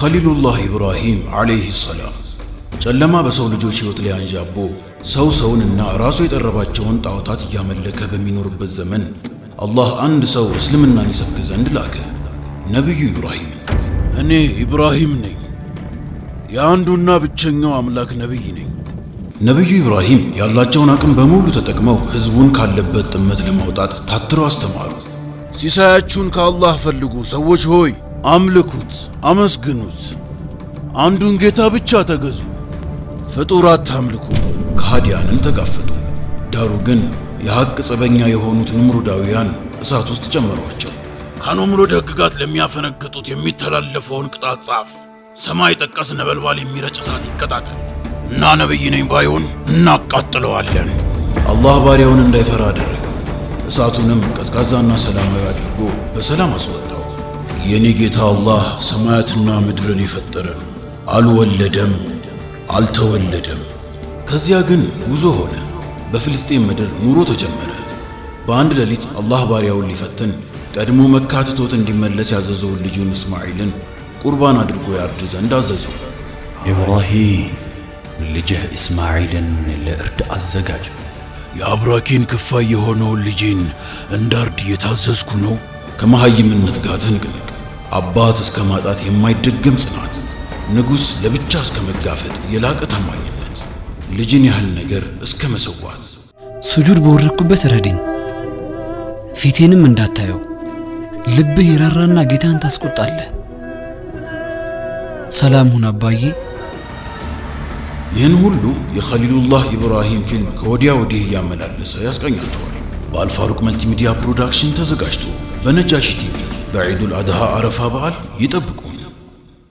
ኸሊሉላህ ኢብራሂም ዓለይህ ሰላም ጨለማ በሰው ልጆች ሕይወት ላይ አንዣቦ ሰው ሰውንና ራሱ የጠረባቸውን ጣዖታት እያመለከ በሚኖርበት ዘመን አላህ አንድ ሰው እስልምናን ይሰብክ ዘንድ ላከ፣ ነቢዩ ኢብራሂምን። እኔ ኢብራሂም ነኝ፣ የአንዱና ብቸኛው አምላክ ነቢይ ነኝ። ነቢዩ ኢብራሂም ያላቸውን አቅም በሙሉ ተጠቅመው ሕዝቡን ካለበት ጥመት ለማውጣት ታትረው አስተማሩ። ሲሳያችሁን ከአላህ ፈልጉ ሰዎች ሆይ አምልኩት፣ አመስግኑት፣ አንዱን ጌታ ብቻ ተገዙ። ፍጡራት ታምልኩ። ከሃዲያንም ተጋፈጡ። ዳሩ ግን የሐቅ ጸበኛ የሆኑት ንምሩዳውያን እሳት ውስጥ ጨመሯቸው። ከንምሩድ ሕግጋት ለሚያፈነግጡት የሚተላለፈውን ቅጣት ጻፍ። ሰማይ ጠቀስ ነበልባል የሚረጭ እሳት ይቀጣጠል እና ነቢይ ነኝ ባይሆን እናቃጥለዋለን። አላህ ባሪያውን እንዳይፈራ አደረገው። እሳቱንም ቀዝቃዛና ሰላማዊ አድርጎ በሰላም አስወጣው። የኔ ጌታ አላህ ሰማያትና ምድርን የፈጠረ ነው። አልወለደም፣ አልተወለደም። ከዚያ ግን ጉዞ ሆነ። በፍልስጤም ምድር ኑሮ ተጀመረ። በአንድ ሌሊት አላህ ባሪያውን ሊፈትን ቀድሞ መካ ትቶት እንዲመለስ ያዘዘውን ልጁን እስማኤልን ቁርባን አድርጎ ያርድ ዘንድ አዘዘው። ኢብራሂም ልጅህ እስማኤልን ለእርድ አዘጋጅ። የአብራኬን ክፋይ የሆነውን ልጄን እንዳርድ እየታዘዝኩ ነው። ከመሐይምነት ጋር ትንቅንቅ አባት እስከ ማጣት የማይደገም ጽናት፣ ንጉሥ ለብቻ እስከ መጋፈጥ የላቀ ታማኝነት፣ ልጅን ያህል ነገር እስከ መሰዋት። ሱጁድ በወረድኩበት ረድኝ፣ ፊቴንም እንዳታየው ልብህ ይራራና ጌታን ታስቆጣለህ። ሰላም ሁን አባዬ። ይህን ሁሉ የኸሊሉላህ ኢብራሂም ፊልም ከወዲያ ወዲህ እያመላለሰ ያስቀኛቸዋል። በአልፋሩቅ መልቲሚዲያ ፕሮዳክሽን ተዘጋጅቶ በነጃሺ ቲቪ بعيد عيد الأضحى عرفة بقى